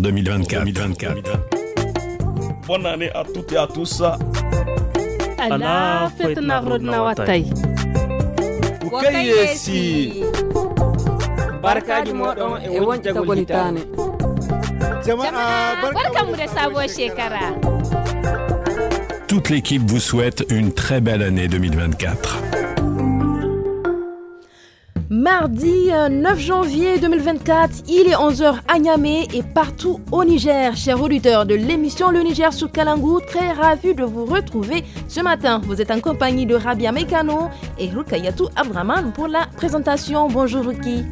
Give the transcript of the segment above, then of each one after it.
2024. 2024. Bonne année à toutes et à tous. ala fetna rodna watay Barka barkaji moɗon e won jagol hitane jama'a barkamu da sabuwar shekara Toute l'équipe vous souhaite une très belle année 2024. Mardi 9 euh, janvier 2024, il est 11h à Niamey et partout au Niger. Chers auditeurs de l'émission Le Niger sur Kalangou, très ravi de vous retrouver ce matin. Vous êtes en compagnie de Rabia Mekano et Rukayatou Abraman pour la présentation. Bonjour Ruki.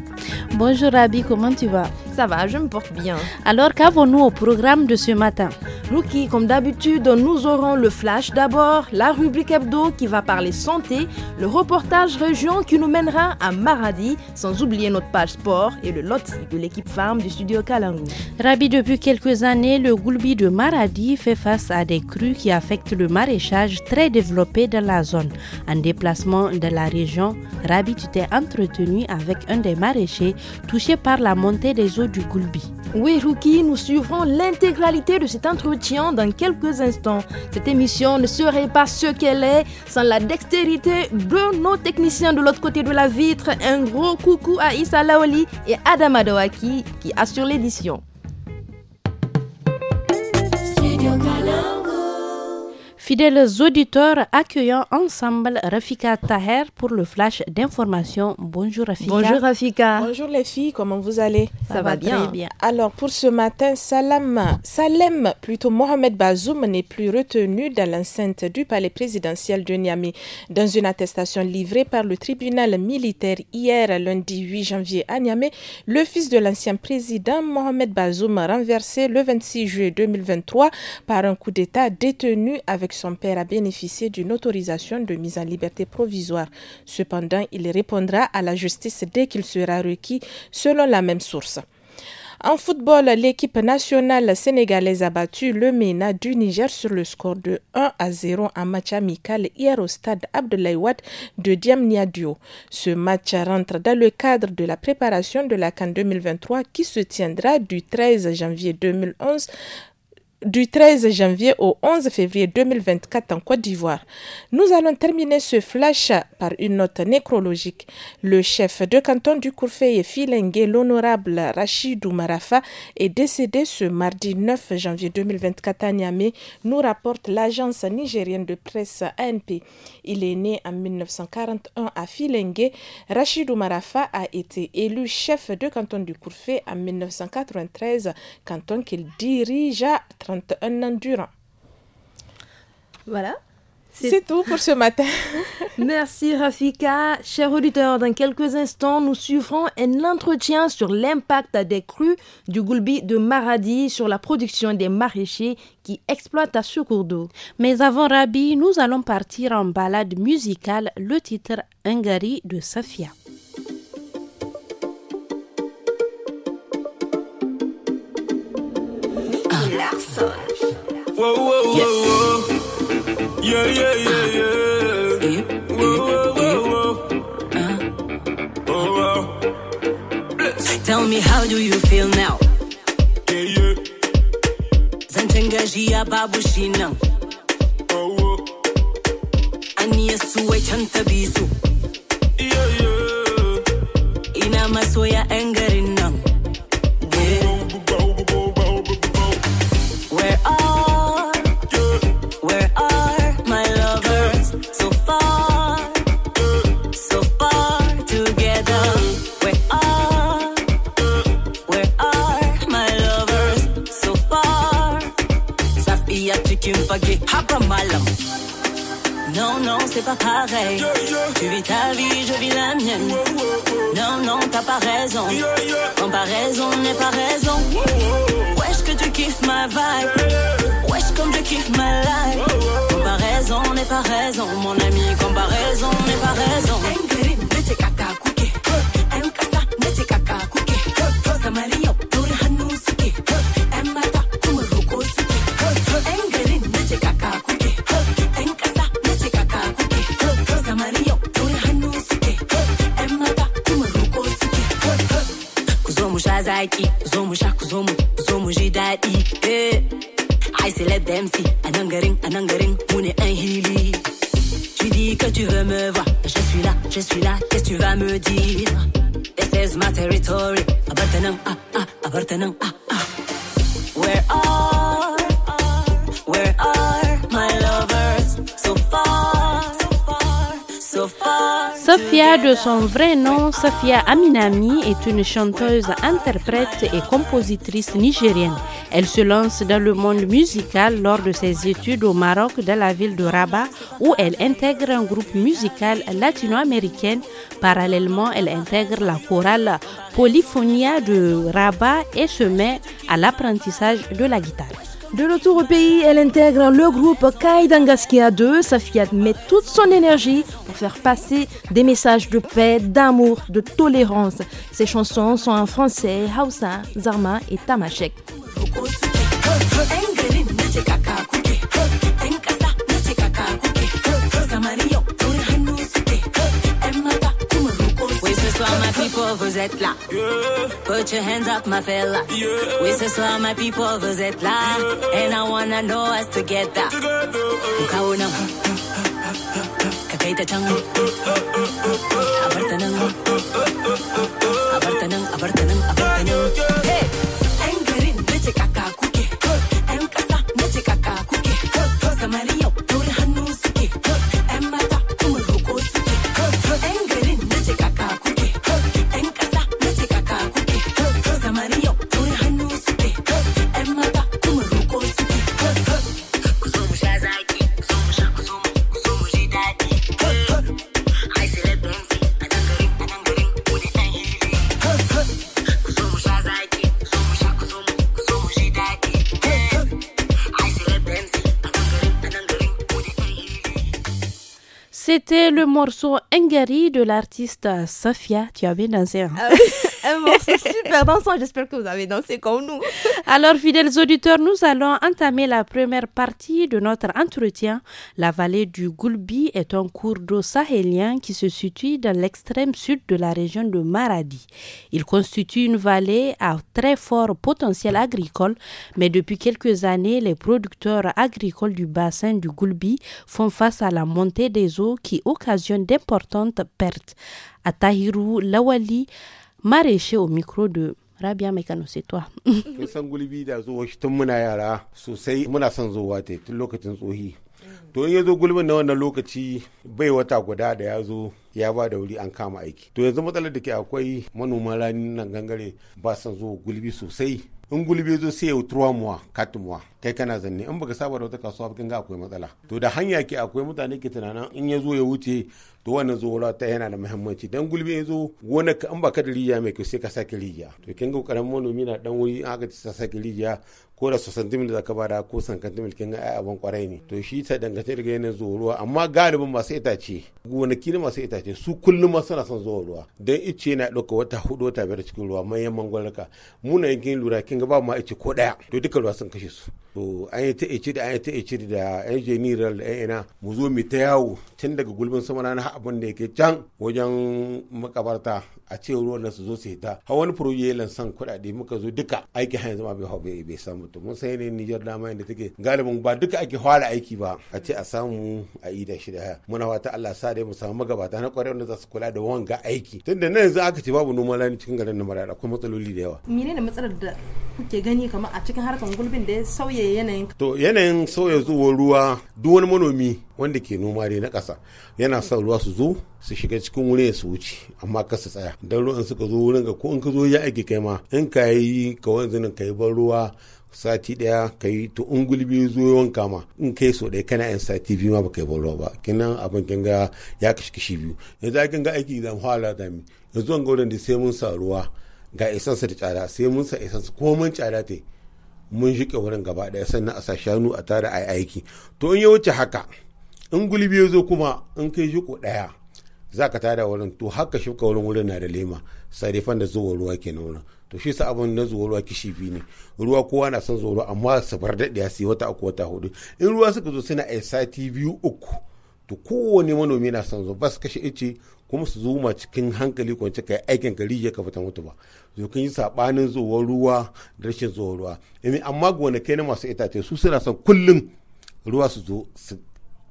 Bonjour Rabi, comment tu vas Ça va, je me porte bien. Alors qu'avons-nous au programme de ce matin Ruki, comme d'habitude, nous aurons le flash d'abord, la rubrique hebdo qui va parler santé, le reportage région qui nous mènera à Maradi, sans oublier notre page sport et le lot de l'équipe femme du studio Kalangou. Rabi, depuis quelques années, le goulbi de Maradi fait face à des crues qui affectent le maraîchage très développé dans la zone. En déplacement de la région, Rabi, tu t'es entretenu avec un des maraîchers touché par la montée des eaux du Goulbi. Oui, Ruki, nous suivrons l'intégralité de cet entretien dans quelques instants. Cette émission ne serait pas ce qu'elle est sans la dextérité de nos techniciens de l'autre côté de la vitre. Un gros coucou à Issa Laoli et Adamadoaki qui assurent l'édition. Fidèles auditeurs, accueillant ensemble Rafika Taher pour le flash d'information. Bonjour Rafika. Bonjour Rafika. Bonjour les filles, comment vous allez Ça, va, bien. Très bien. Alors pour ce matin, Salam, Salem, plutôt Mohamed Bazoum, n'est plus retenu dans l'enceinte du palais présidentiel de Niamey. Dans une attestation livrée par le tribunal militaire hier, lundi 8 janvier à Niamey, le fils de l'ancien président Mohamed Bazoum, renversé le 26 juillet 2023 par un coup d'État détenu avec son père a bénéficié d'une autorisation de mise en liberté provisoire. Cependant, il répondra à la justice dès qu'il sera requis, selon la même source. En football, l'équipe nationale sénégalaise a battu le MENA du Niger sur le score de 1 à 0 en match amical hier au stade Abdoulaye Wade de Diamniadio. Ce match rentre dans le cadre de la préparation de la CAN 2023 qui se tiendra du 13 janvier 2011 du 13 janvier au 11 février 2024 en Côte d'Ivoire. Nous allons terminer ce flash par une note nécrologique. Le chef de canton du Courfey et l'honorable Rachidou Marafa, est décédé ce mardi 9 janvier 2024 à Niamey, nous rapporte l'agence nigérienne de presse ANP. Il est né en 1941 à Filengue. Rachidou Marafa a été élu chef de canton du Courfey en 1993, canton qu'il dirigea 30 un endurant. Voilà. C'est tout pour ce matin. Merci Rafika. Chers auditeurs, dans quelques instants, nous suivrons un entretien sur l'impact des crues du goulbi de Maradi sur la production des maraîchers qui exploitent à ce cours d'eau. Mais avant Rabi, nous allons partir en balade musicale, le titre Hungary de Safia. Whoa, whoa, whoa, whoa. Yeah, yeah, yeah, yeah. Mm Whoa, whoa, whoa, whoa. Uh Oh, wow. Blitz. Tell me, how do you feel now? Yeah, yeah. Zantengaji ya babu shina. Oh, whoa. chanta bisu. Yeah, yeah. Ina maso ya enga Tu vis ta vie, je vis la mienne. Non, non, t'as pas raison. Comparaison n'est pas raison. Wesh, que tu kiffes ma vibe. Wesh, comme je kiffe ma life. Comparaison n'est pas raison. Mon ami, comparaison n'est pas raison. baki zo mu sha ku zo mu zo mu I select them garin Tu dis que tu veux me voir je suis là je suis là qu'est-ce tu vas me dire This is my territory abarta ah ah abarta ah ah Where are Sophia de son vrai nom, Sophia Aminami, est une chanteuse, interprète et compositrice nigérienne. Elle se lance dans le monde musical lors de ses études au Maroc, dans la ville de Rabat, où elle intègre un groupe musical latino-américain. Parallèlement, elle intègre la chorale Polyphonia de Rabat et se met à l'apprentissage de la guitare. De retour au pays, elle intègre le groupe Kaidangaskia 2. fille met toute son énergie pour faire passer des messages de paix, d'amour, de tolérance. Ses chansons sont en français, Hausa, Zarma et Tamashek. vous êtes là. Yeah. Put your hands up, my fella. Yeah. Oui, ce soir, my people, vous êtes là. Yeah. And I wanna know us together. Mukau nang. Kakaita chang. Abarta nang. Abarta C'était le morceau Hungary de l'artiste Sofia. Tu bien dansé. Hein. Ah un morceau super dansant. J'espère que vous avez dansé comme nous. Alors, fidèles auditeurs, nous allons entamer la première partie de notre entretien. La vallée du Goulbi est un cours d'eau sahélien qui se situe dans l'extrême sud de la région de Maradi. Il constitue une vallée à très fort potentiel agricole, mais depuis quelques années, les producteurs agricoles du bassin du Goulbi font face à la montée des eaux qui occasionne d'importantes pertes. À Tahirou Lawali, Mareshe o micro de Rabia Mekano c'est toi. kai san gulbi da zuwa shi tun muna yara sosai muna son zuwa te tun lokacin tsohi. To in ya zo gulbin na wannan lokaci bai wata guda da ya zo ya ba da wuri an kama aiki. To yanzu matsalar da ke akwai manoman ranin nan gangare ba son zo gulbi sosai in gulbe zo sai ya turwa muwa kati muwa kai kana zanne in baka saba da wata kasuwa kin ga akwai matsala to da hanya ke akwai mutane ke tunanin in ya zo ya wuce to wannan wala ta yana da muhimmanci dan gulbe ya zo gonar ka in baka da rijiya mai kyau sai ka saki rijiya to kin ga ƙaramin manomi na dan wuri in aka ci sake rijiya ko da sosantimil da ka bada ko sankantimil kin ai abin kwarai ne to shi ta dangance da yanayin zuwa ruwa amma galibin masu itace gonaki na masu itace su kullum ma suna son zuwa ruwa dan ice na dauka wata hudu wata biyar cikin ruwa manyan mangwarka muna yankin lura kin ga ba ma ice ko daya to duka ruwa sun kashe su to an yi ta ice da an yi ta ice da yan general da yan ina mu zo mu ta yawo tun daga gulbin sama na abin da yake can wajen makabarta a ce ruwan nan su zo su hita har wani furoje yalan san kuɗaɗe muka zo duka aiki hanyar yanzu bai bai bai samu to mun san yanayin Nijar dama da take galibin ba duka ake fara aiki ba a ce a samu a yi da shi da muna fata Allah sa dai mu samu magabata na kwarai da za su kula da wanga aiki tunda nan yanzu aka ce babu noman rani cikin garin na da akwai matsaloli da yawa menene matsalar da kuke gani kamar a cikin harkar gulbin da ya sauya yanayin to yanayin sauya zuwa ruwa duk wani manomi wanda ke noma dai na kasa. yana sa ruwa su zo su shiga cikin wurin su wuce amma ka su tsaya dan ruwan suka zo wurin ka ko in ka zo ya ake kai ma in ka yi ka wanzanin ka yi ban ruwa sati daya ka yi to gulbi zo wanka ma in kai so daya kana yan sati biyu ma baka yi ruwa ba kinan abin kin ga ya kashi kashi biyu yanzu kin ga aiki zan hala da mi yanzu an gauran da sai mun sa ruwa ga isansa da tsada sai mun sa isansa ko mun tsada ta mun shiƙe wurin gaba ɗaya sannan a sa shanu a tara a aiki to in ya wuce haka in gulbi ya zo kuma in kai jiko ɗaya za ka tada wurin to haka shifka wurin wurin na da lema sarifan da zuwa ruwa ke nuna to shi sa abin na zuwa ruwa kishi biyu ne ruwa kowa na son zuwa amma su bar daɗiya su yi wata uku wata hudu in ruwa suka zo suna a sati biyu uku to kowane manomi na son zuwa ba su kashe ice kuma su zuma cikin hankali kwance kai aikin ka rijiya ka ta mutu ba zo kun yi sabanin zuwa ruwa da rashin zuwa ruwa amma gonakai na masu itace su suna son kullum ruwa su zo su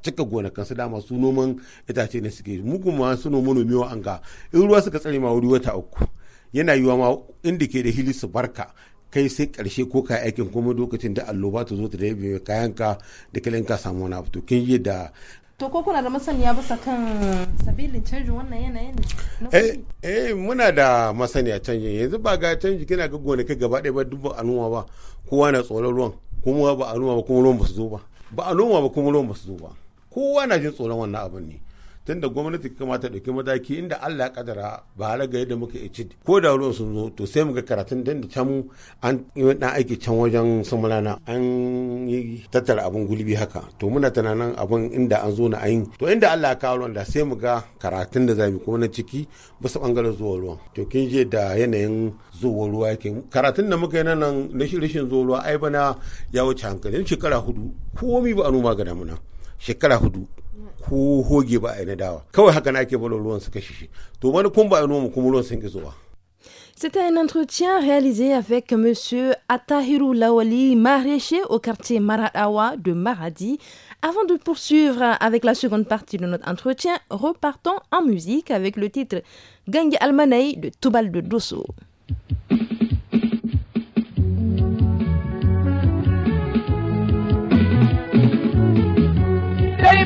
cika gonakan su dama su noman itace ne suke mu kuma su noma nomiwa an ga in ruwa suka tsare ma wuri wata uku yana yiwa ma inda ke da hili su barka kai sai karshe ko ka aikin kuma lokacin da ba ta zo ta da kayan kayanka da ka samu wani abu kin yi da to ko kuna da masaniya bisa kan sabilin canjin wannan yanayin eh eh muna da masaniya canjin yanzu ba ga canji kina ga kai gaba ɗaya ba duk a noma ba kowa na tsoron ruwan kuma ba anuwa ba kuma ruwan ba su zo ba ba a ba kuma ruwan ba su zo ba kowa na jin tsoron wannan abin ne tunda gwamnati kama ta ɗauki mataki inda Allah kadara ba ga yadda muka ici ko da ruwan sun zo to sai mu ga karatun dan da can an yi wani aiki can wajen samulana an yi tattara abin gulbi haka to muna tunanin abin inda an zo na ayin to inda Allah ya kawo da sai mu ga karatun da zamu kuma na ciki bisa bangaren zuwa ruwan to kin je da yanayin zuwa ruwa yake karatun da muka yi nan na rashin zuwa ruwa ai bana ya wuce hankali shekara hudu komi ba a noma ga damuna shekara hudu C'était un entretien réalisé avec M. Atahiru Lawali, maraîcher au quartier Maradawa de Maradi. Avant de poursuivre avec la seconde partie de notre entretien, repartons en musique avec le titre Gang Almanay de Tobal de Dosso.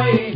way.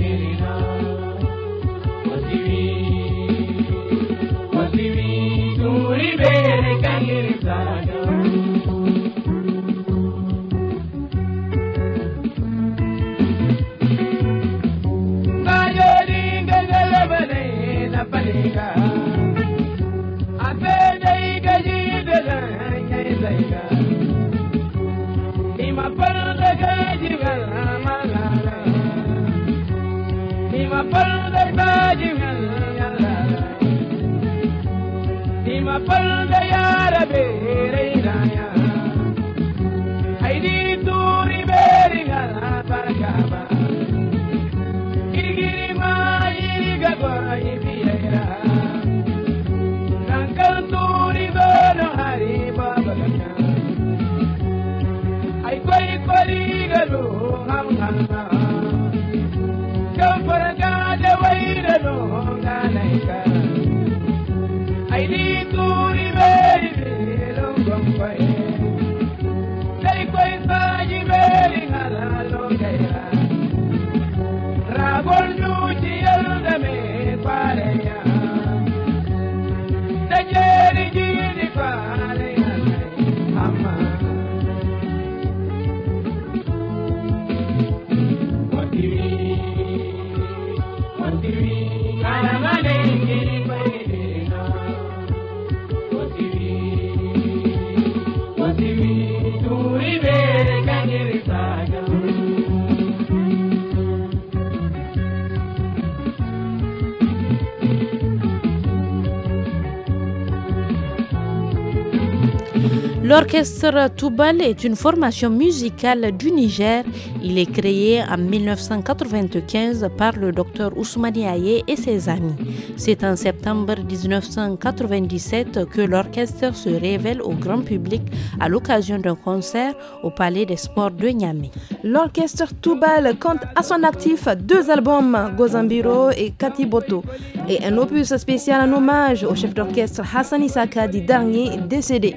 L'orchestre Toubal est une formation musicale du Niger. Il est créé en 1995 par le docteur Ousmane Aye et ses amis. C'est en septembre 1997 que l'orchestre se révèle au grand public à l'occasion d'un concert au Palais des Sports de Niamey. L'orchestre Toubal compte à son actif deux albums, Gozambiro et Katiboto, et un opus spécial en hommage au chef d'orchestre Hassan Isaka, dit dernier décédé.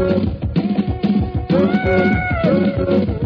Thank you.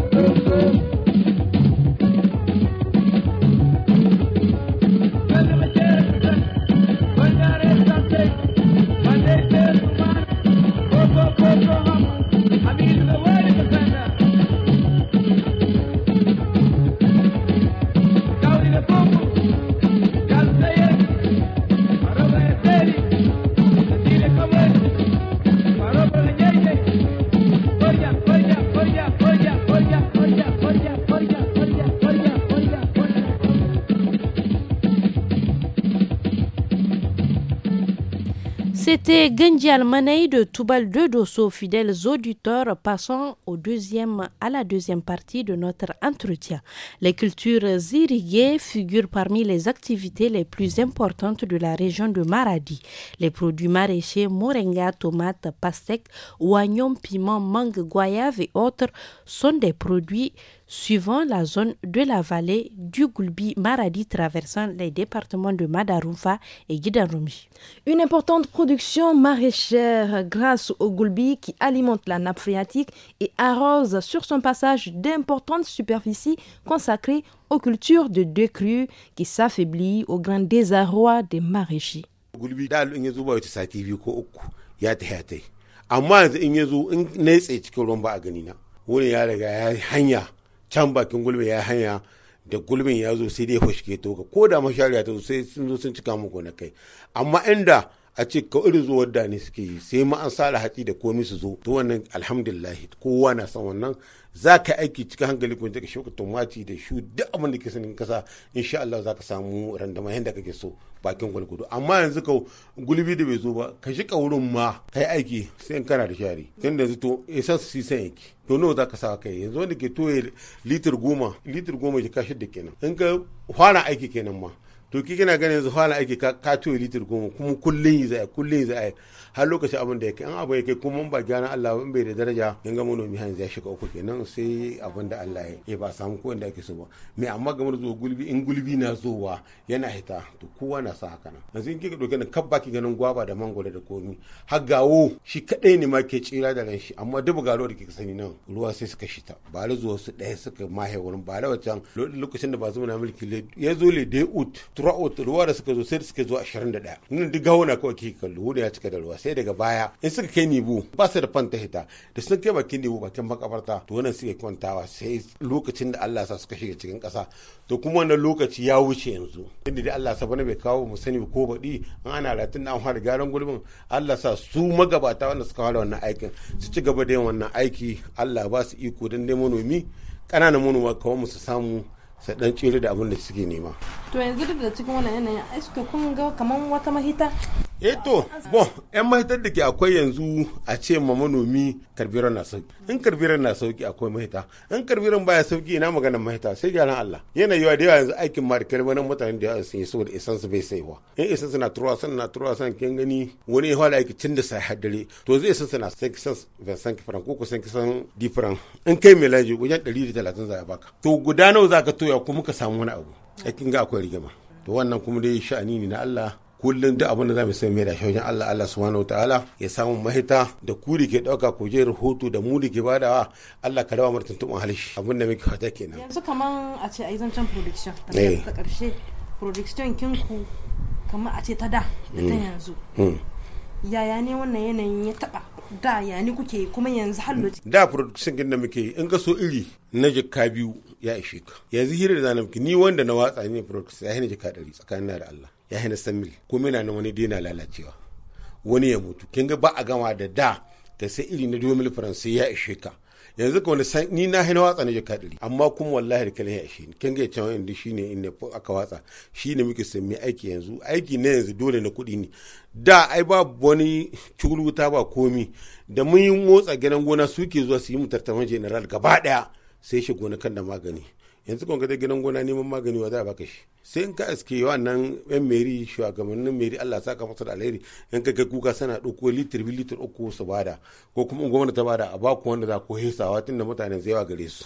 mondialement Manaï de Toubal de Dosso, fidèles auditeurs, passons au deuxième, à la deuxième partie de notre entretien. Les cultures irriguées figurent parmi les activités les plus importantes de la région de Maradi. Les produits maraîchers, moringa, tomates, pastèques, oignons, piment, mangue, goyave et autres sont des produits suivant la zone de la vallée du Goulbi Maradi traversant les départements de Madaroufa et Guidarumi. Une importante production maraîchère grâce au Goulbi qui alimente la nappe phréatique et arrose sur son passage d'importantes superficies consacrées aux cultures de deux crues qui s'affaiblissent au grand désarroi des maraîchers. amma yanzu in ya zo in na tsaye cikin ruwan ba a gani na wani ya riga ya hanya can bakin gulbin ya hanya da gulbin ya zo sai dai ya fashe to ko da mashariya ta zo sai sun zo sun cika mu gonakai amma inda a ce ka irin zuwar da ne suke yi sai ma an sara hatsi da komai su zo to wannan alhamdulillah kowa na san wannan za ka aiki cikin hankali kun ka shuka tumati da shu duk abin da ke sanin kasa insha Allah za ka samu randama yadda kake so bakin gulgudu amma yanzu ka gulbi da bai zo ba ka shika wurin ma ka yi aiki sai kana da shari tun da yanzu to isa su san yake to nawa za ka sa kai yanzu wanda ke toye litir goma litir goma ka da kenan in ka fara aiki kenan ma to ki kina ganin yanzu hala ake ka to litir goma kuma kullun yi za a kullun yi za a har lokacin abin da yake an abu yake kuma ba gyara Allah in bai da daraja in ga manomi hanzu ya shiga uku kenan sai abin da Allah ya eh, ba samu ko inda ake so ba me amma ga mun zo gulbi in gulbi na zowa yana hita to kowa na sa haka nan yanzu in kika dauke ni kabba ki ganin gwaba da mangoro da komi har gawo shi kadai ne ma ke tsira da ran shi amma dubu garo da kika sani nan ruwa sai suka shita ba da zuwa su ɗaya suka mahe wurin ba da wancan lokacin da ba zuma na mulki ya zo le ut tura ut ruwa da suka zo sai suka zo 21 nan duk gawo na kawai kika kallo ya cika da ruwa sai daga baya in suka kai nibu ba su da fan ta hita da sun kai bakin nibu bakin makabarta to wannan suke kwantawa sai lokacin da Allah sa suka shiga cikin kasa to kuma wannan lokaci ya wuce yanzu inda dai Allah sa bana bai kawo mu sani ko baɗi an ana ratin an fara gyaran gulbin Allah sa su magabata wanda suka fara wannan aikin su ci gaba da yin wannan aiki Allah ba su iko dan dai manomi kananan manoma kawai mu su samu sai dan da abin da suke nema to yanzu da cikin wannan yanayin ai suka kun ga kamar wata mahita eto eh bon yan mahitar da ke akwai yanzu a ce ma manomi karbiran na sauki in karbiran na sauki akwai mahita in karbiran baya sauki ina maganar mahita sai jalan Allah yana yawa da yawa yanzu aikin ma da karbiran mutane da yawa sun yi saboda isan su bai sai wa in isan su na turuwa san na turuwa san kin gani wani ya fara aiki tun da sai haddare to zai isan su na san ki san ki faran ko ku san ki san di faran in kai mai laji wajen 130 za a baka to guda nawa za ka toya kuma ka samu wani abu aikin ga akwai rigima to wannan kuma dai sha'ani ne na Allah kullum duk abin da za mu sai mai da shaunin Allah Allah subhanahu ta'ala ya samu mahita da ku da ke dauka ku je rahoto da mu da ke badawa Allah ka rawa martin tuban halishi abin da muke fata kenan yanzu kaman a ce ai zancen production ta karshe eh. production ku kamar a ce ta da da ta hmm. yanzu hmm. yaya ne wannan yanayin ya taba da ya ni kuke kuma yanzu halloci da production kin da muke in ka so iri na jikka biyu ya ishe ka yanzu hirar da zanen ni wanda na watsa ne production ya hina jikka ɗari tsakanin da Allah ya hana san mil komai na wani dina lalacewa wani ya mutu kin ba a gama da da da sai iri na domin faransai ya ishe ka yanzu ka wani ni na hana watsa na jika amma kuma wallahi da kalin ya ishe ni kin ga ya cewa inda ne inda aka watsa ne muke sami aiki yanzu aiki na yanzu dole na kuɗi ne da ai ba wani curuta ba komi da mun yi motsa gidan gona suke zuwa su yi mu tartaman general gaba ɗaya sai shi gonakan da magani yanzu kun kada gidan gona neman magani wa za a baka shi sai in ka aske nan yan meri shugabannin meri Allah saka masa da alheri in ka kai kuka sana ɗauko litir bi litir uku su bada ko kuma in gwamnati ta bada a baku wanda za ku hesawa tunda mutane zai yawa gare su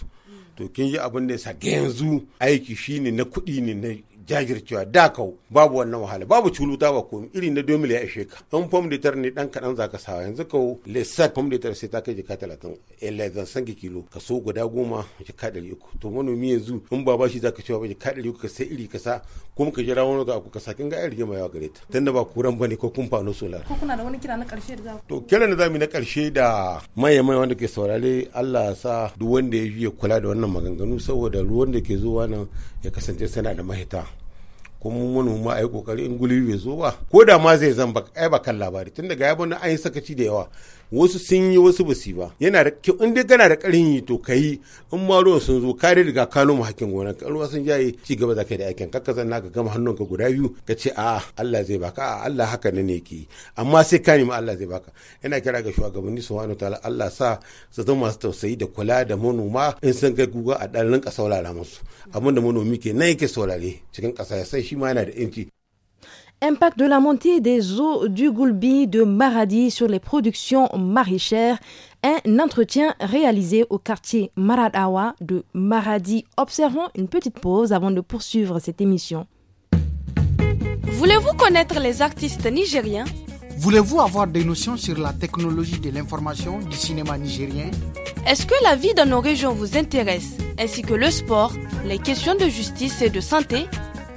to kin yi abin da ya sake yanzu aiki shine na kuɗi ne na jajircewa da kau babu wannan wahala babu culuta ba komi irin na domin ya ishe ka in fom litar ne dan kaɗan zaka sawa yanzu kau lissat fom litar sai ta kai jika talatin elezan eh, sanki kilo so guda goma jika ɗari uku to manomi yanzu in ba bashi zaka cewa ba jika ɗari uku ka sai iri kasa kuma ka jira wani ga ku kasa kin ga irin yawa gare ta tunda ba kuran bane ko kun fano solar ko kuna da wani kira na karshe da za ku to kira da zamu na karshe da maye maye wanda ke saurare Allah ya sa duk wanda ya yi kula da wannan maganganu saboda ruwan da ke zuwa nan ya kasance sana da mahita kuma manoma a yi kokari in gulbi bai zo ba ko da ma zai zan ai ba kan labari tun daga ya bani an yi sakaci da yawa wasu sun yi wasu ba ba yana da kyau in dai kana da karin yi to ka yi in ma ruwan sun zo kare riga kano mu hakkin gona ka ruwa sun jaye ci gaba zaka da aikin kakka zanna ka gama hannun ka guda biyu ka ce a Allah zai baka a Allah haka ne yake amma sai ka nemi Allah zai baka ina kira ga shugabanni subhanahu wataala Allah sa su zama masu tausayi da kula da manoma in sun kai guga a dalin rinka saurara musu abinda manomi ke nan yake saurare cikin kasa sai shi ma yana da inci Impact de la montée des eaux du Goulbi de Maradi sur les productions maraîchères. Un entretien réalisé au quartier Maradawa de Maradi. Observons une petite pause avant de poursuivre cette émission. Voulez-vous connaître les artistes nigériens Voulez-vous avoir des notions sur la technologie de l'information du cinéma nigérien Est-ce que la vie dans nos régions vous intéresse, ainsi que le sport, les questions de justice et de santé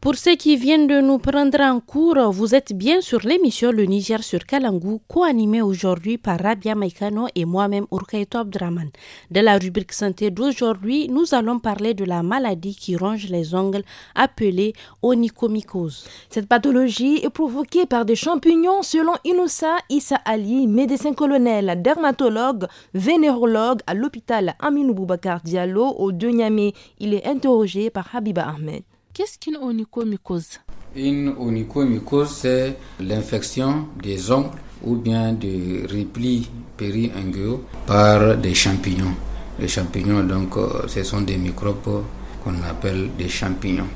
Pour ceux qui viennent de nous prendre en cours, vous êtes bien sur l'émission Le Niger sur Kalangou, co aujourd'hui par Rabia Maikano et moi-même Urkaito Draman. De la rubrique santé d'aujourd'hui, nous allons parler de la maladie qui ronge les ongles appelée onychomycose. Cette pathologie est provoquée par des champignons selon Inoussa Issa Ali, médecin colonel, dermatologue, vénérologue à l'hôpital Aminou Boubacar Diallo au Niamey. Il est interrogé par Habiba Ahmed. Qu'est-ce qu'une onychomycose Une onychomycose, c'est l'infection des ongles ou bien du replis périingueux par des champignons. Les champignons, donc, euh, ce sont des microbes qu'on appelle des champignons.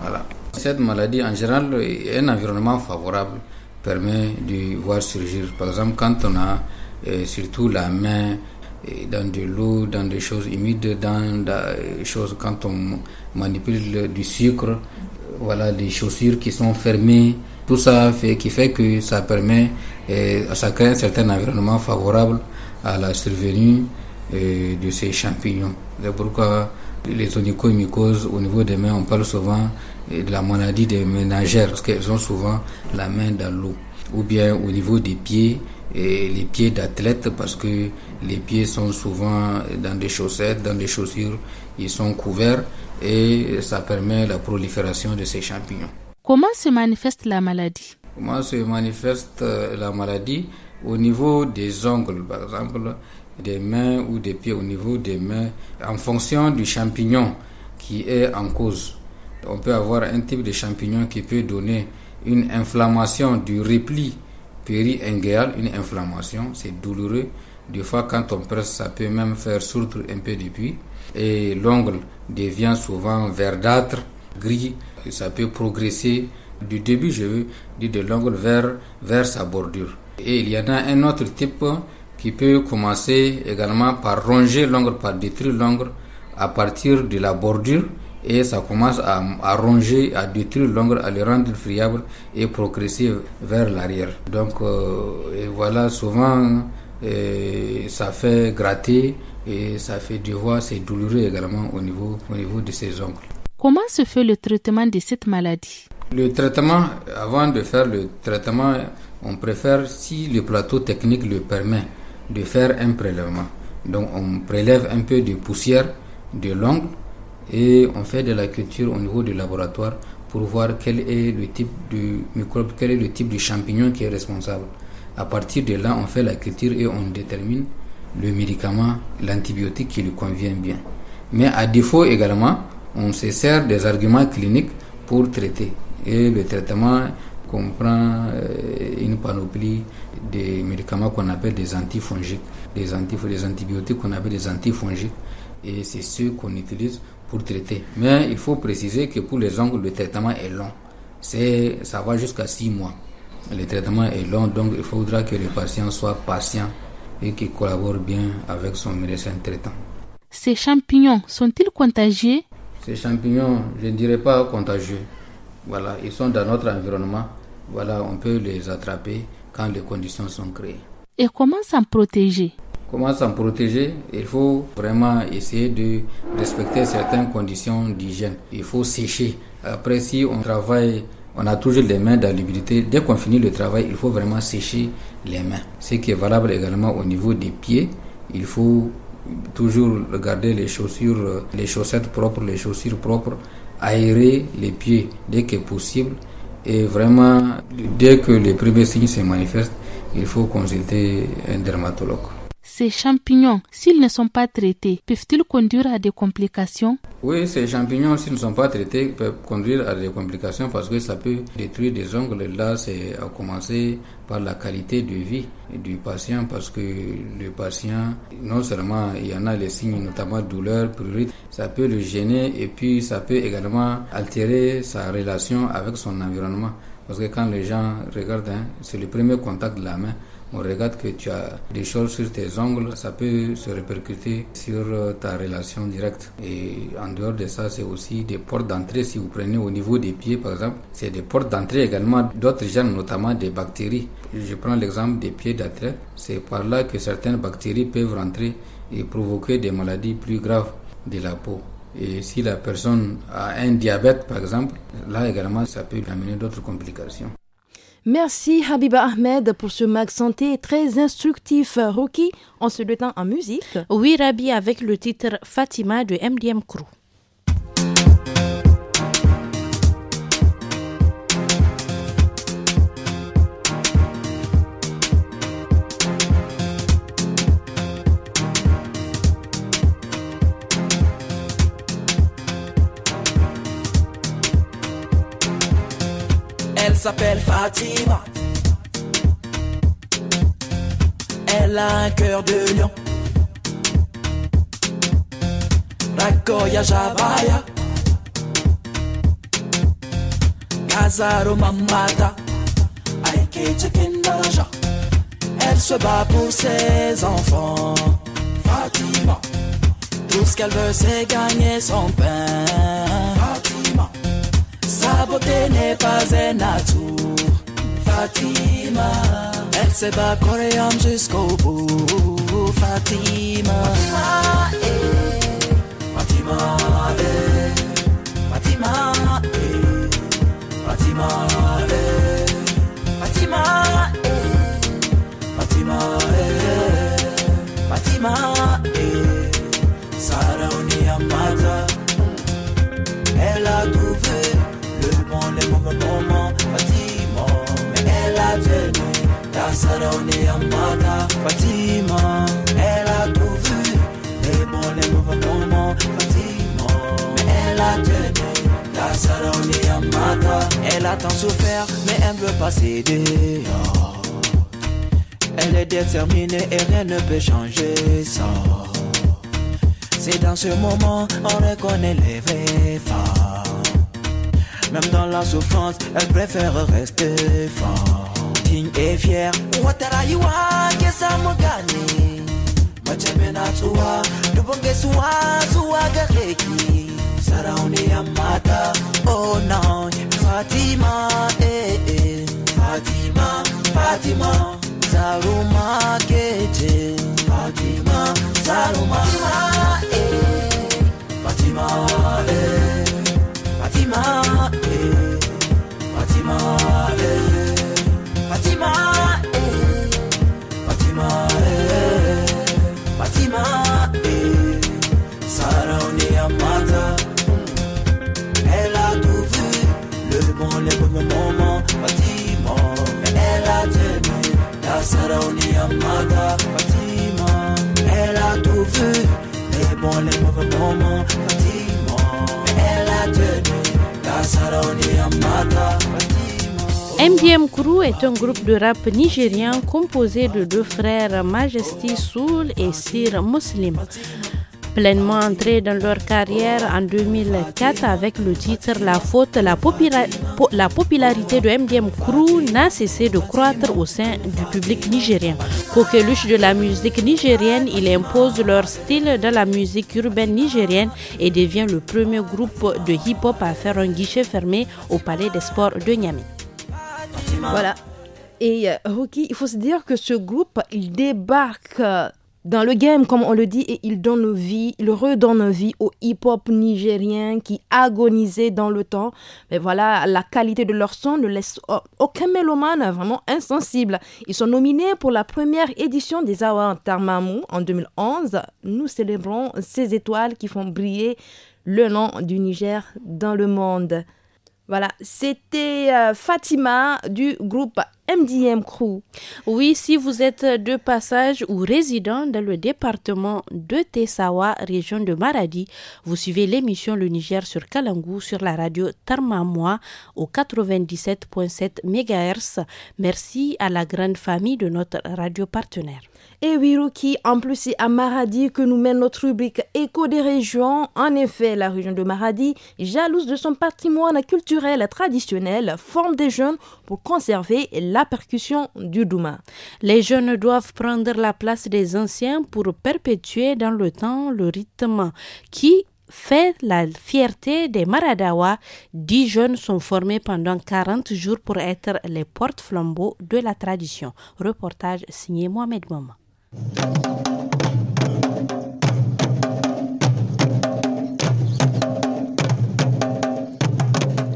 Voilà. Cette maladie, en général, un environnement favorable permet de voir surgir. Par exemple, quand on a euh, surtout la main dans de l'eau, dans des choses humides, dans des choses quand on manipule du sucre, euh, voilà des chaussures qui sont fermées. Tout ça fait, qui fait que ça permet, ça euh, crée un certain environnement favorable à la survenue euh, de ces champignons. C'est pourquoi les onychomycoses, au niveau des mains, on parle souvent de la maladie des ménagères, parce qu'elles ont souvent la main dans l'eau. Ou bien au niveau des pieds, et les pieds d'athlète parce que les pieds sont souvent dans des chaussettes, dans des chaussures, ils sont couverts et ça permet la prolifération de ces champignons. Comment se manifeste la maladie Comment se manifeste euh, la maladie Au niveau des ongles, par exemple, des mains ou des pieds, au niveau des mains, en fonction du champignon qui est en cause. On peut avoir un type de champignon qui peut donner une inflammation du repli péri inguéal une inflammation, c'est douloureux. Des fois, quand on presse, ça peut même faire sourdre un peu du puits. Et l'ongle devient souvent verdâtre, gris. Et ça peut progresser du début, je veux dire, de l'ongle vers, vers sa bordure. Et il y en a un autre type qui peut commencer également par ronger l'ongle, par détruire l'ongle à partir de la bordure et ça commence à, ronger, à détruire l'ongle, à le rendre friable et progressif vers l'arrière. Donc euh, voilà, souvent euh, ça fait gratter et ça fait devoir, c'est douloureux également au niveau, au niveau de ses ongles. Comment se fait le traitement de cette maladie le traitement, avant de faire le traitement, on préfère, si le plateau technique le permet, de faire un prélèvement. Donc on prélève un peu de poussière de l'ongle et on fait de la culture au niveau du laboratoire pour voir quel est le type de microbe, quel est le type de champignon qui est responsable. À partir de là, on fait la culture et on détermine le médicament, l'antibiotique qui lui convient bien. Mais à défaut également, on se sert des arguments cliniques pour traiter. Et le traitement comprend euh, une panoplie des médicaments qu'on appelle des antifongiques, des, des antibiotiques qu'on appelle des antifongiques. Et c'est ceux qu'on utilise traiter. Mais il faut préciser que pour les ongles, le traitement est long. C'est, ça va jusqu'à six mois. Le traitement est long, donc il faudra que le patient soit patient et qu'il collabore bien avec son médecin traitant. Ces champignons sont-ils contagieux Ces champignons, je ne dirais pas contagieux. Voilà, ils sont dans notre environnement. Voilà, on peut les attraper quand les conditions sont créées. Et comment s'en protéger Comment s'en protéger Il faut vraiment essayer de respecter certaines conditions d'hygiène. Il faut sécher. Après, si on travaille, on a toujours les mains dans l'humidité. Dès qu'on finit le travail, il faut vraiment sécher les mains. Ce qui est valable également au niveau des pieds. Il faut toujours garder les chaussures, les chaussettes propres, les chaussures propres, aérer les pieds dès que possible. Et vraiment, dès que les premiers signes se manifestent, il faut consulter un dermatologue ces champignons, s'ils ne sont pas traités, peuvent-ils conduire à des complications Oui, ces champignons, s'ils ne sont pas traités, peuvent conduire à des complications parce que ça peut détruire des ongles. Là, c'est à commencer par la qualité de vie du patient parce que le patient, non seulement il y en a les signes, notamment douleur, prurite, ça peut le gêner et puis ça peut également altérer sa relation avec son environnement. Parce que quand les gens regardent, hein, c'est le premier contact de la main on regarde que tu as des choses sur tes ongles, ça peut se répercuter sur euh, ta relation directe. Et en dehors de ça, c'est aussi des portes d'entrée. Si vous prenez au niveau des pieds, par exemple, c'est des portes d'entrée également d'autres gènes, notamment des bactéries. Je prends l'exemple des pieds d'attrait, C'est par là que certaines bactéries peuvent rentrer et provoquer des maladies plus graves de la peau. Et si la personne a un diabète, par exemple, là également, ça peut amener d'autres complications. Merci Habiba Ahmed pour ce mag santé très instructif. Rocky, en se le en musique. Oui, Rabi, avec le titre Fatima de MDM Crew. Elle s'appelle Fatima. Elle a un cœur de lion. Rakoya Jabaya. Kazaro Mamata. Aiki Chikinaja. Elle se bat pour ses enfants. Fatima. Tout ce qu'elle veut, c'est gagner son pain. Saboté n'est pas un atout. Fatima, elle se bat coréenne jusqu'au bout. Fatima, eh. Fatima, eh. Fatima, eh. Fatima, eh. Fatima, eh. Fatima, eh. Fatima, eh. Sarah, on y a mata. Elle a mama elle Fatima tenu, tenu. ta sarone amata Fatima Elle a tout vu Les bons les mauvais moments Fatima Elle a tenu ta sarone amata Elle a tant souffert mais elle ne veut pas céder Elle est déterminée et rien ne peut changer ça C'est dans ce moment on reconnaît les vraies femmes même dans la souffrance, elle préfère rester forte. Digne et fière. Watarayuwa, kesamogani. Machemena tuwa, dubonge suwa, suwa gareki. Sarauni amata, oh non. Fatima, eh eh. Fatima, Fatima, Zaruma. MDM Crew est un groupe de rap nigérien composé de deux frères Majesty Soul et Sir Muslim pleinement entré dans leur carrière en 2004 avec le titre La faute, la, popularité de MDM Crew n'a cessé de croître au sein du public nigérien. Coqueluche de la musique nigérienne, il impose leur style dans la musique urbaine nigérienne et devient le premier groupe de hip-hop à faire un guichet fermé au Palais des Sports de Niamey. Voilà. Et euh, Rocky, il faut se dire que ce groupe, il débarque euh, dans le game, comme on le dit, et il donne vie, il redonne vie au hip-hop nigérien qui agonisait dans le temps. Mais voilà, la qualité de leur son ne laisse aucun mélomane vraiment insensible. Ils sont nominés pour la première édition des Awards Tarmamou en 2011. Nous célébrons ces étoiles qui font briller le nom du Niger dans le monde. Voilà, c'était euh, Fatima du groupe MDM Crew. Oui, si vous êtes de passage ou résident dans le département de Tessawa, région de Maradi, vous suivez l'émission Le Niger sur Kalangou sur la radio Tarmamoa au 97.7 MHz. Merci à la grande famille de notre radio partenaire. Et Wiruki, en plus, c'est à Maradi que nous mène notre rubrique Écho des régions. En effet, la région de Maradi, jalouse de son patrimoine culturel et traditionnel, forme des jeunes pour conserver la percussion du Douma. Les jeunes doivent prendre la place des anciens pour perpétuer dans le temps le rythme qui fait la fierté des Maradawa. Dix jeunes sont formés pendant 40 jours pour être les porte-flambeaux de la tradition. Reportage signé Mohamed Maman.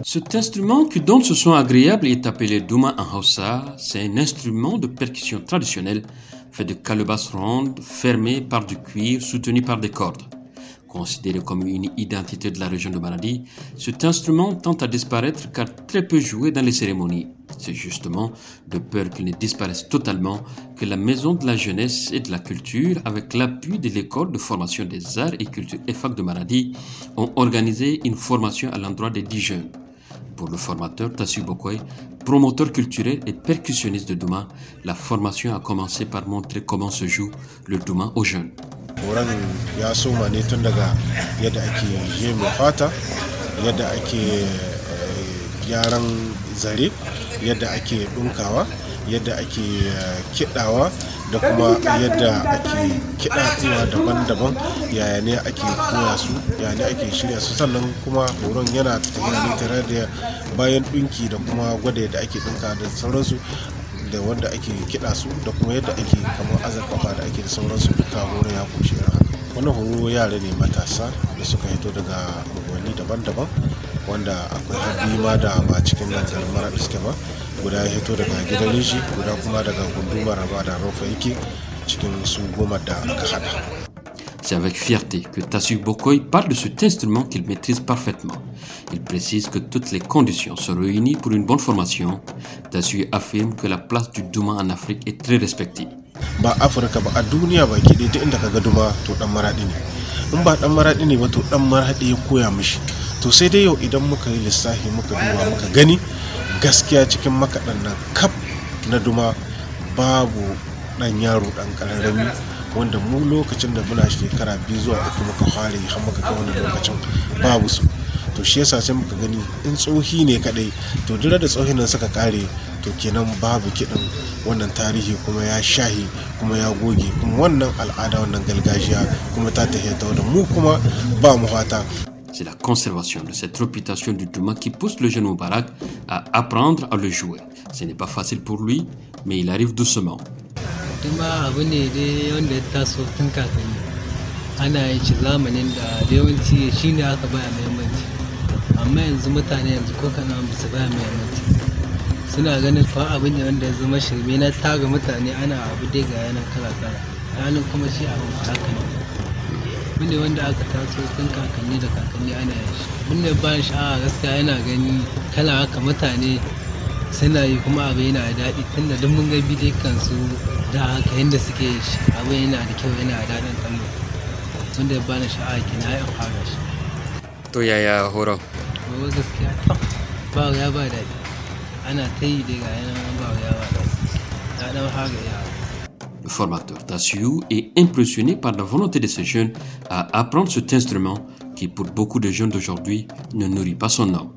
Cet instrument qui donne ce son agréable est appelé Douma en Hausa. C'est un instrument de percussion traditionnel fait de calebasse ronde fermée par du cuir soutenu par des cordes considéré comme une identité de la région de Maradi, cet instrument tend à disparaître car très peu joué dans les cérémonies. C'est justement de peur qu'il ne disparaisse totalement que la Maison de la Jeunesse et de la Culture, avec l'appui de l'École de formation des arts et et Fac de Maradi, ont organisé une formation à l'endroit des 10 jeunes. Pour le formateur Tassu Bokoy, promoteur culturel et percussionniste de Douma, la formation a commencé par montrer comment se joue le Douma aux jeunes. horon ya soma ne tun daga yadda ake mai fata yadda ake eh, gyaran zare yadda ake dunkawa yadda ake eh, kidawa da kuma yadda ake kiɗa daban-daban yaya ne ake koya su yaya ne ake shirya su sannan kuma horon yana tafiya ne tare da bayan dinki da kuma gwada yadda ake ɗinka da sauransu da wanda ake kiɗa su da kuma yadda ake kamar azarkafa da ake da sauransu duka horon ya kunshi irin haka wani horo yare ne matasa da suka hito daga unguwanni daban-daban wanda akwai haɗi ma da ba cikin nan garin mara ba guda ya hito daga gidan rishi guda kuma daga gundumar ba da rufe yake cikin su goma da aka hada C'est avec fierté que Tassuk Bokoy parle de cet instrument qu'il maîtrise parfaitement. Il précise que toutes les conditions sont réunies pour une bonne formation. Tassuk affirme que la place du Douma en Afrique est très respectée. ba afirka ba a duniya ba ɗaya dai inda kaga duma to dan maradi ne in ba dan maradi ne ba to dan maraɗi ya koya mishi to sai dai yau idan muka yi lissafi muka duba muka gani gaskiya cikin makaɗan nan kaf na duma babu dan yaro dan ƙararrami wanda mu lokacin da muna shekara biyu zuwa uku muka fare har muka kai wannan lokacin babu su to shi yasa sai muka gani in tsohi ne kadai to duk da tsohin nan suka kare to kenan babu kiɗan wannan tarihi kuma ya shahi kuma ya goge kuma wannan al'ada wannan gargajiya kuma ta tahiyata da mu kuma ba mu fata c'est la conservation de cette réputation du Duma qui pousse le jeune Moubarak à apprendre à le jouer. Ce n'est pas facile pour lui, mais il arrive doucement. kuma abu ne dai wanda ya taso tun kafin ana yi ci zamanin da yawanci shi ne aka baya muhimmanci amma yanzu mutane yanzu ko kana su baya muhimmanci suna ganin fa abin ne wanda ya zama shirme na taga mutane ana abu dai ga yanar kala kala ranar kuma shi abin ba haka ne abin ne wanda aka taso tun kakanni da kakanni ana yin shi abin da ba sha'a gaskiya yana gani kala haka mutane suna yi kuma abu yana daɗi tunda duk mun ga bidai kansu da haka yadda suke shi abin yana da kyau yana da daɗin kallo tun da ya bani sha'a ke na yin fara shi to yaya horon horon gaskiya to ba ya ba daɗi ana ta yi daga yana ba ya ba daɗi na ɗan fara yawa Le formateur Tassiou est impressionné par la volonté de ce jeune à apprendre cet instrument qui, pour beaucoup de jeunes d'aujourd'hui, ne nourrit pas son âme.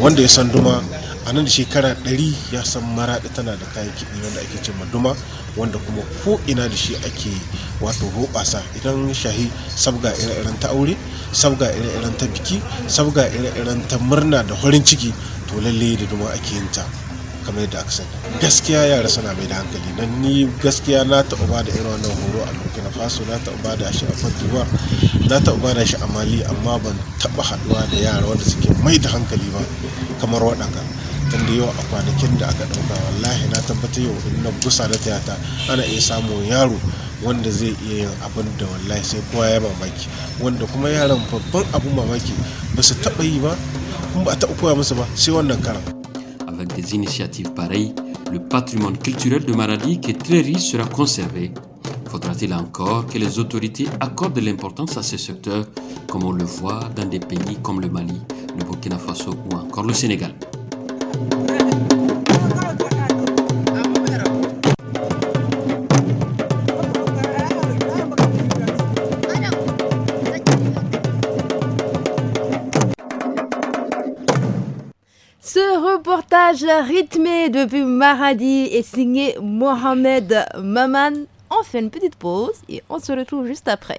wanda ya san duma a nan da shekara ɗari ya san maraɗi tana da kayan kiɗi wanda ake cin maduma wanda kuma ko ina da shi ake wato hoƙasa idan shahi sabga ire-iren ta aure sabga ire-iren ta biki sabga ire-iren ta murna da farin ciki to lalle da duma ake yin ta kamar yadda aka sani gaskiya yara suna mai da hankali nan ni gaskiya na taɓa ba da irin wannan horo a burkina faso na taɓa ba da shi a cote na taɓa ba da shi a mali amma ban taɓa haɗuwa da yara wanda suke mai da hankali ba kamar waɗanka. Avec des initiatives pareilles, le patrimoine culturel de Maradi qui est très riche sera conservé. Faudra-t-il encore que les autorités accordent de l'importance à ce secteur, comme on le voit dans des pays comme le Mali, le Burkina Faso ou encore le Sénégal ce reportage rythmé depuis Maradi et signé Mohamed Maman. On fait une petite pause et on se retrouve juste après.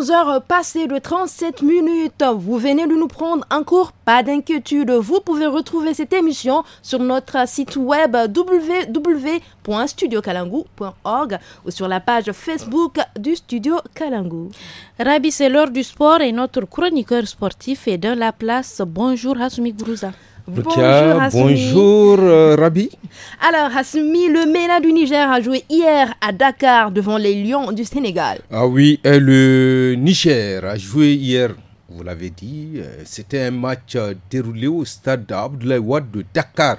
11h passées de 37 minutes. Vous venez de nous prendre en cours, pas d'inquiétude. Vous pouvez retrouver cette émission sur notre site web www.studiocalangou.org ou sur la page Facebook du Studio Kalangu. Rabi, c'est l'heure du sport et notre chroniqueur sportif est dans la place. Bonjour Hasumi Gourouza bonjour, euh, Rabi. Alors Hassoumi, le MENA du Niger a joué hier à Dakar devant les Lions du Sénégal. Ah oui, et le Niger a joué hier, vous l'avez dit, euh, c'était un match euh, déroulé au stade Abdoulaye de Dakar.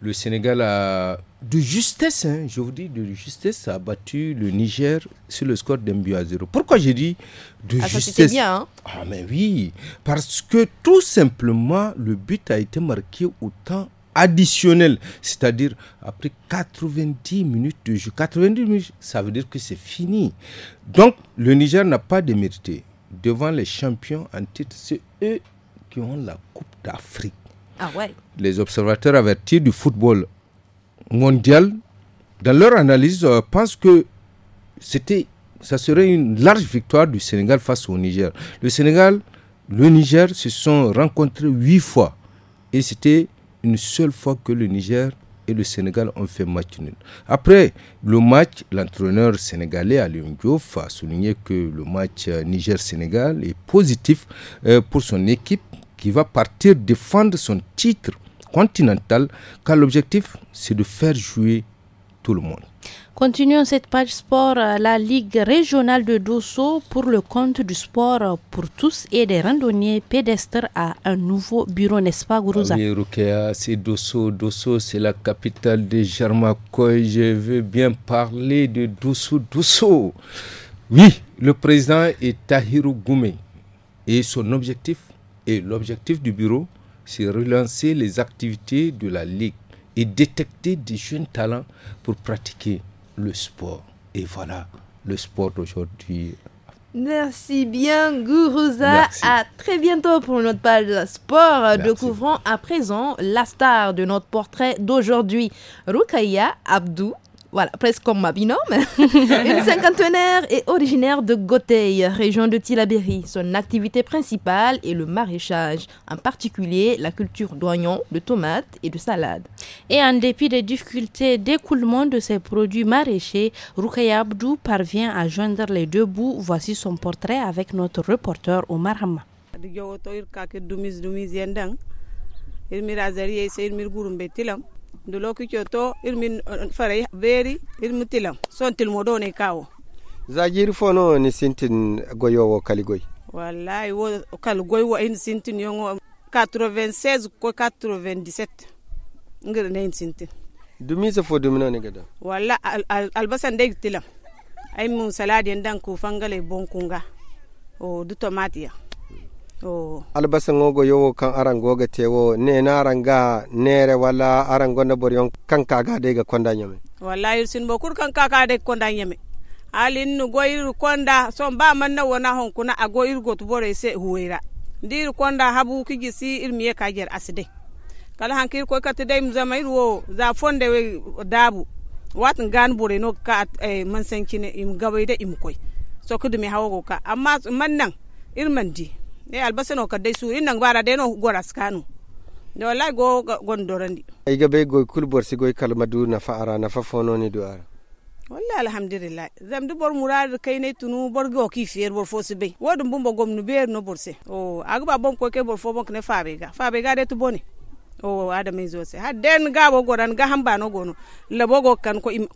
Le Sénégal a de justesse, hein. je vous dis, de justesse, a battu le Niger sur le score d'un but à zéro. Pourquoi j'ai dit de ah, justesse hein. Ah, mais oui, parce que tout simplement, le but a été marqué au temps additionnel, c'est-à-dire après 90 minutes de jeu. 90 minutes, ça veut dire que c'est fini. Donc, le Niger n'a pas démérité. Devant les champions en titre, c'est eux qui ont la Coupe d'Afrique. Ah ouais. Les observateurs avertis du football mondial dans leur analyse, euh, pense que c'était, ça serait une large victoire du Sénégal face au Niger. Le Sénégal, le Niger se sont rencontrés huit fois et c'était une seule fois que le Niger et le Sénégal ont fait match nul. Après le match, l'entraîneur sénégalais Alioune a souligné que le match euh, Niger-Sénégal est positif euh, pour son équipe qui va partir défendre son titre continental car l'objectif, c'est de faire jouer tout le monde. Continuons cette page sport, euh, la Ligue régionale de Dosso pour le compte du sport pour tous et des randonniers pédestres à un nouveau bureau, n'est-ce pas, Gourouza Oui, Rukéa, c'est Dosso. Dosso, c'est la capitale de Germacoy Je veux bien parler de Dosso. Dosso Oui, le président est Tahiru Goumé et son objectif et l'objectif du bureau, c'est relancer les activités de la Ligue et détecter des jeunes talents pour pratiquer le sport. Et voilà le sport d'aujourd'hui. Merci bien, Gourouza À très bientôt pour notre page sport. Découvrons à présent la star de notre portrait d'aujourd'hui, Rukaya Abdou voilà, presque comme ma binôme, une cinquantenaire est originaire de Gothey, région de Tilabéry. Son activité principale est le maraîchage, en particulier la culture d'oignons, de tomates et de salades. Et en dépit des difficultés d'écoulement de ses produits maraîchers, Rukaya Abdou parvient à joindre les deux bouts. Voici son portrait avec notre reporter Omar Hamma. dulo kicho to irmin eh, farai beri irmin tilam son do ne kawo zajiri fono ni sintin goyowo kaligoy wallahi wo kaligoy wo in sintin yongo 96 ko 97 ngir ne in sintin dumi sa fo dumina ne gada walla albasan de tilam ay mu salade ndan ku fangale bonkunga o du tomatiya Oh. albasan ogo yowo kan arango ga tewo ne na aranga nere wala arango na boryon kan kaga de ga konda nyame wallahi sin bo kur kan kaga de konda nyame alin nu goyir konda son ba man na wona hon kuna a goyir got bore se huira dir konda habu ki gisi irmiye jer aside kala hankir ko ka tedai mzamair wo za fonde we dabu wat ngan bore no ka eh, man sankine im gabai da im koy so kudu hawo ka amma man nan irmandi di ne albasa no kadai suri nang bara de no goras kanu ne wallahi go gondorandi ay gabe goy kul borsi goy kalmadu na fa ara na fa fono ni duara wallahi alhamdulillah zam du bor murar kay ne tunu bor go ki fer bor fosi be wodum bum bo gomnu ber no borse o agba bom ko ke bor fo bon ne fa be ga fa be ga de tu boni o adamai e zo sai ha den ga bo goran ga hamba no gono labo go kan ko eh,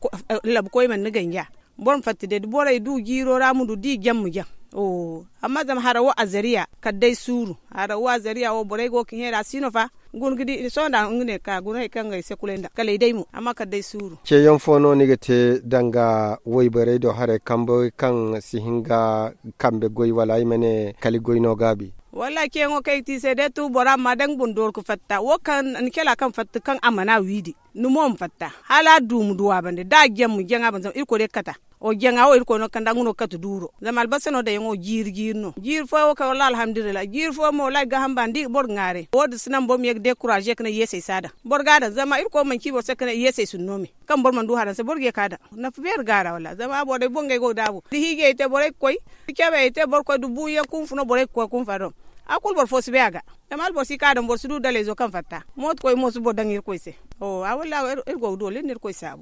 lab ko iman ne ganya bon fatte de bora e du giro ramu du di gem jam o oh, amma zam hara wo azaria kaddai suru hara wo azaria wo oh, borai go kin hera sino fa gun gidi so da ngne ka gun hay kan se kulenda kale dai mu amma kaddai suru ce yon fono ni gete danga woi borai do hare kambo kan sihinga kambe goi wala imene kali goi no gabi wala ke ngo kai ti se de tu bora madang bundur ku fatta wo kan an kela kan fatta kan amana widi numo fatta hala dum duwa bande da gem mu jenga banzam irko de kata o jenga o irko no kanda nguno katu duro zamal baseno de ngo jir jir no jir fo o ka wala alhamdulillah jir fo mo la ga hamba ndi bor ngare wod sinam bom yek décourager kana yese sada bor gada zama irko man kibo se kana yese nomi kam bor man du hada se bor ge kada na fer gara wala zama bo de bonge go dabu di hige te bor koy kebe te bor ko du buye kun funo bor ko kun fadom akul bor fosi beaga tamal bor si kada bor sudu dalezo kam fatta mot koy su bo dangir koy se o awala irko er, er do le nir koy sabu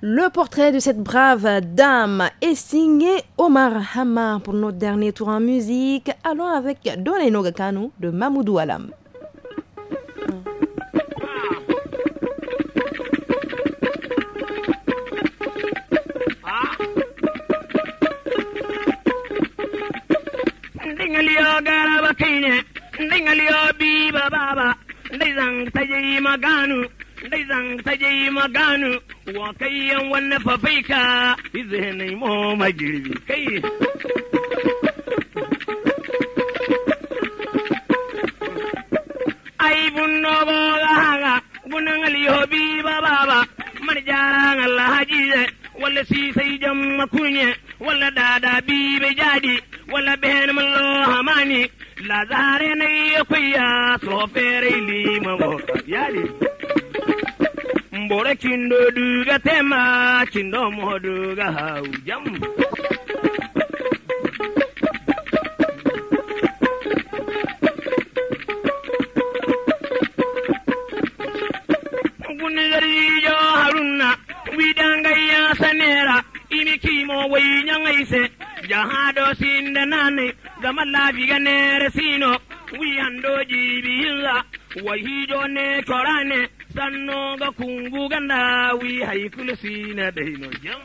Le portrait de cette brave dame est signé Omar Hama pour notre dernier tour en musique. Allons avec Doné Nogakanu de Mamoudou Alam. ndeysan ta jeyima gaanu wo kayyan wonne fa fay ka isehenay mooma jirbi kay ay bunnoboga hanga bunangal yoobiba baaba mar jaangal hajiide walla siisay jamma kuñe walla daada biibe jaadi walla ɓeene malloo hamaani lazarenayya koyya soo feerey liimago yaali mbore kindo duga tema kindo mo duga hau haujam gunigarijo haruna widangaya sanera imi kimo wayinyangaise jahado sinde nani gama labiga nere sino wiyando jibiyilla wahijo ne corane sanno ga kungu ganda wi hay kulsi na dai no jam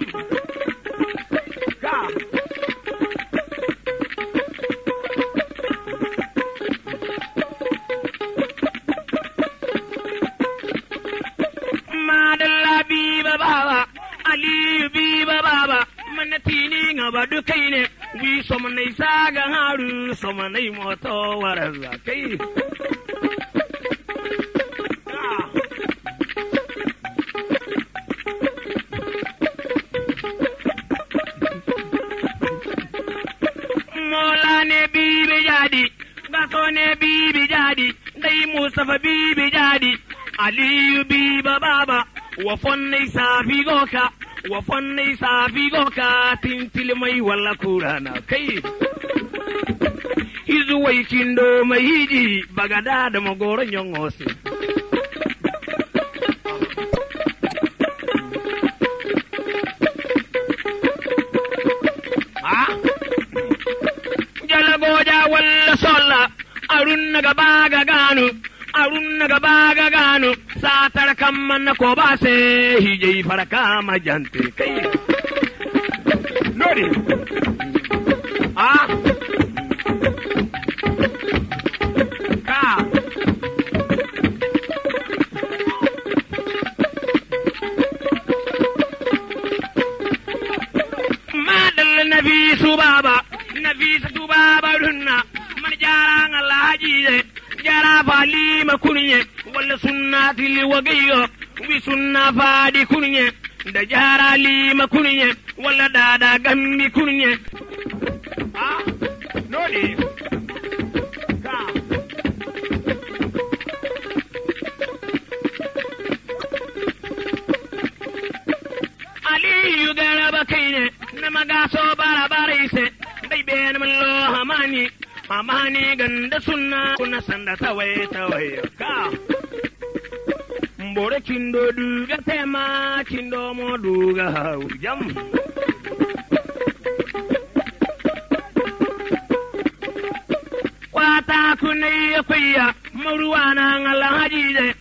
ka madalla biba baba aliyu biba baba mana tini ngaba dukai ne wi somanai saga haru somanai moto warar kai kone bibi jadi dai mustafa bibi jadi aliyu biba baba wa fonni safi goka wa fonni safi goka tintil mai wala kurana kai izu wai kindo mai hiji bagada da magoro nyongosi అరున్నగ బాగగాను అరున్నగ బాగగాను సాతడకమ్మన్న కోబాసే హిజై పడకామ జంతి కై ನೋಡಿ ಆ wagiyo wisunna faadi kunye da jara lima kurnye walla dada gammi kurnye aliyu garaba kaine na magaso bara bara ise dai ben mun lo hamani hamani ganda sunna kuna sanda tawaye tawaye ka Tambore kindo duga tema kindo mo duga hau jam. Kwata kune kuya muruwana ngala hajide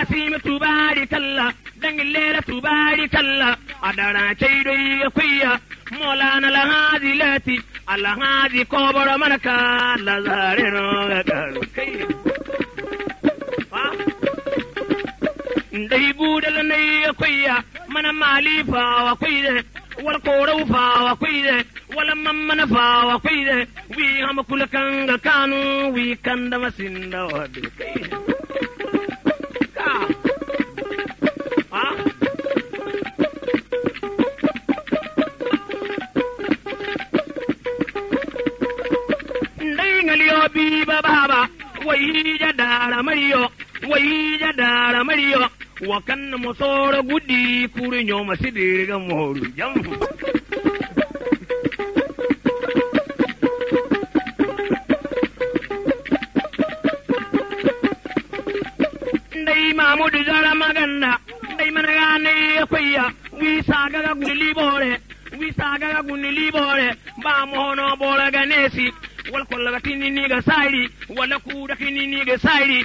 asimi tubari kalla dangilera tubari kalla adara cheido kuya molana la hadi lati ala hadi kobora manaka lazare no kalu mana maalii faawa kuyde wala koorow faawa kuyde wala mammana faawa kuyde wii hama kula kanga kaanu wii kandama sinda wadu ndayŋaliyo biiba baaba wayija daara mariyo wayija daara mariyo na masoro gudi kuri nyoma sidiri ga mohoru jamfu dai mamudu zara maganda dai mana gane ya kwaya wisa gaga guli bore wisa gaga guli bore ba mohono bora ga nesi wal kollaga tinini ga sairi wala kuda tinini ga sairi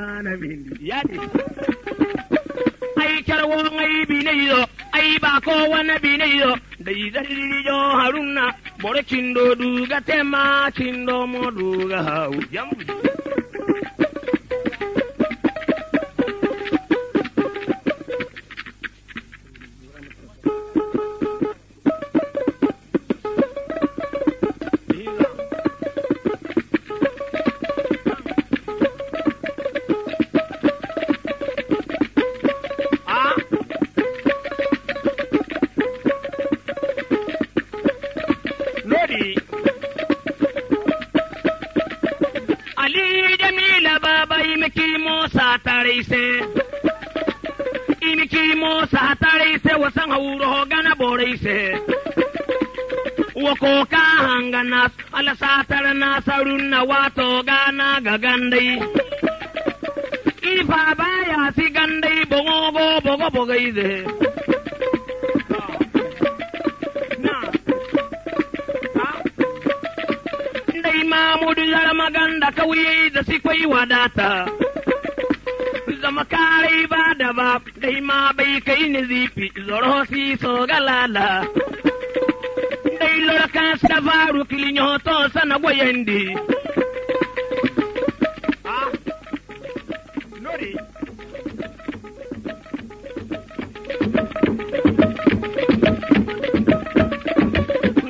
kindo duga tema kindo mo duga hau jambu imi ki mo sa tare se wasan ho gana bore se wako ka hangana ala satar na sarun na wato gana ga gandai ifa ya si gandai bogo bo bogo bogo ize Mamudu yara maganda kauye da sikwai wadata. ba kai ma bai kai ni zifi zoro si so galala dai lora ka savaru kilinyo to sana boyendi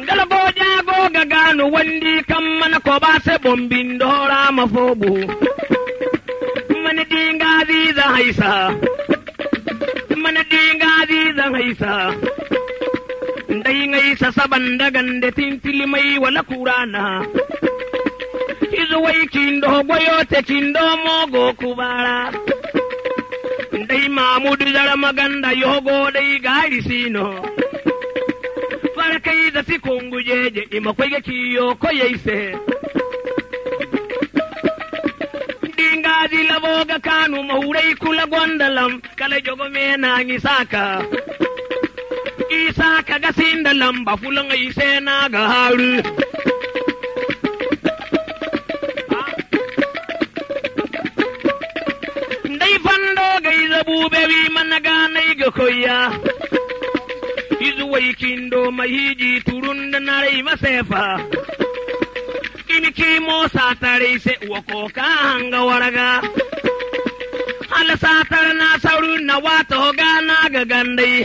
Galabo jago gagano wandi kam mana ko ba se bombin dora mafobu ganda gande tintili mai wala kurana izuwai cindo goyote cindo mogo kubara dai mamudu zara maganda yogo dai gari sino farkai da sikungu jeje imakwai ga kiyo ko yaise dingazi labo ga kanu maurai kula gwandalam kala jogo mena ngisaka isa ka ga da lamba fulon ise na ga haru. Dai fando gai zabu bewi mana ganai ga koya. wai kindo mahiji turun da na rai masefa. In ki mosa tare sai uwa ka hanga waraga. Hal satar na sauru na wata hoga na ga gandai.